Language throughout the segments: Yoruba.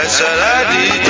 That's what I did.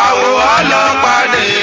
àwọ̀ ọlọ́pàá dé.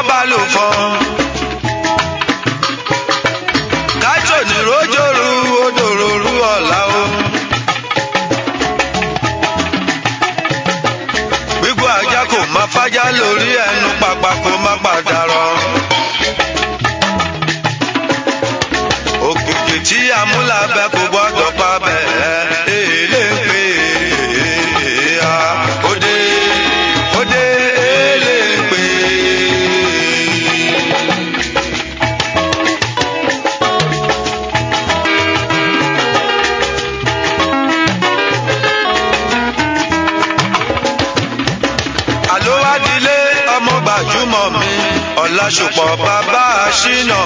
wọ́n bá lò pọ̀. kájò ní rojoru odò ọ̀la o. gbígbó ajá kò má fájá lórí ẹnu pàpà kò má pàdárọ̀. òkìkì tí amúlábẹ́ kò. àṣùpọ̀ bàbá ṣìnà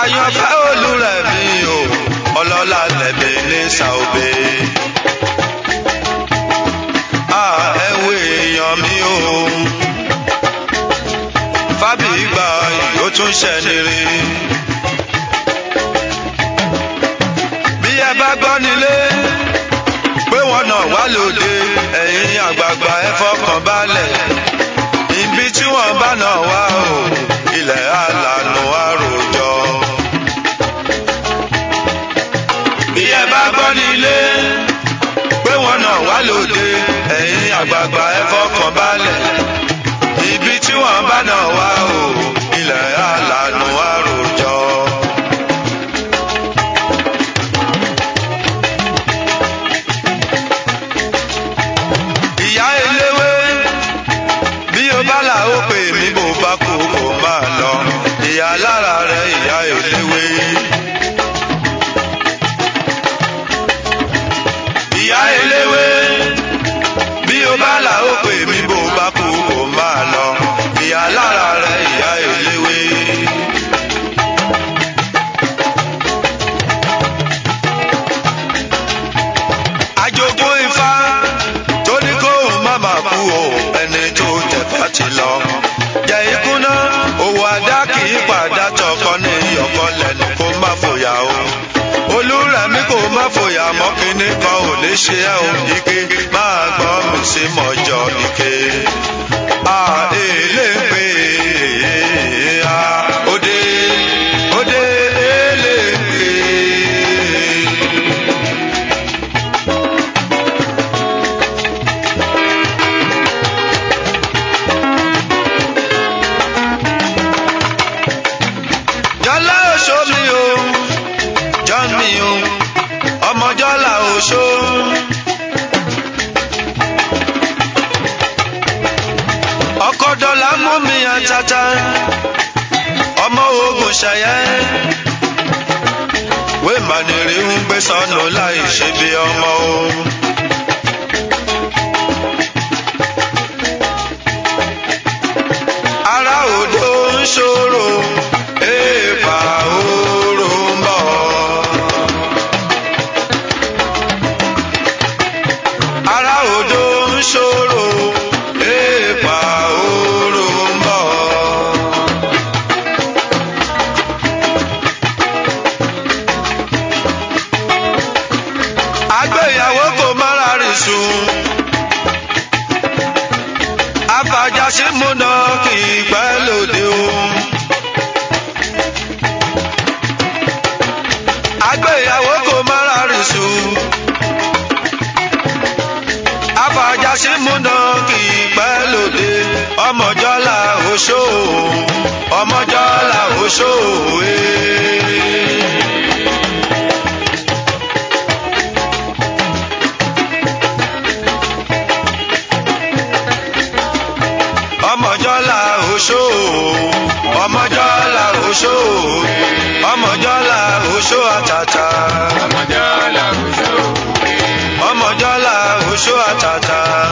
àyànfẹ́ olùrẹ̀mí o ọlọ́lá lẹ̀mí ní sàòbé. ẹ̀wù èèyàn mi o fábì gbà yóò tún ṣẹ́ni rí. bí ẹ bá gbọ́ nílé pé wọ́n náà wá lóde ẹ̀yin àgbààgbà ẹ fọkàn balẹ̀ wọ́n bá nà wá o ilẹ̀ alànà àròjọ. bí ẹ bá gbọ́ nílé pé wọ́n nà wá lóde ẹ̀yin àgbààgbà ẹ fọkàn balẹ̀. jogún ifá tó ní kó má bàa kú o ẹni tó tẹ̀fà ti lọ. jẹ ikuna, owó adá kì í padà tọkọ ní ìyọkọ lẹ́nu kó má fòyà o. olúrẹ̀mí kò má fòyà mọ́ kínní kan ò lè ṣe ẹ́ o ike máa gbọ́ mi sí mọ́jọ́ ike. àà èlé pè é. Àbújá ọmọ ogun ṣẹyẹ wémanìrì ń gbé sọnù láì ṣe bí ọmọ o. ará òdo ń ṣòro. àṣìmúdọ́kì pẹ́lòdé ọmọjọ́lá oṣó ọmọjọ́lá oṣó ee. Eh. ọmọjọ́lá oṣó ọmọjọ́lá oṣó eh. ọmọjọ́lá oṣó àtàtà. ọmọjọ́lá eh. oṣó àtàtà.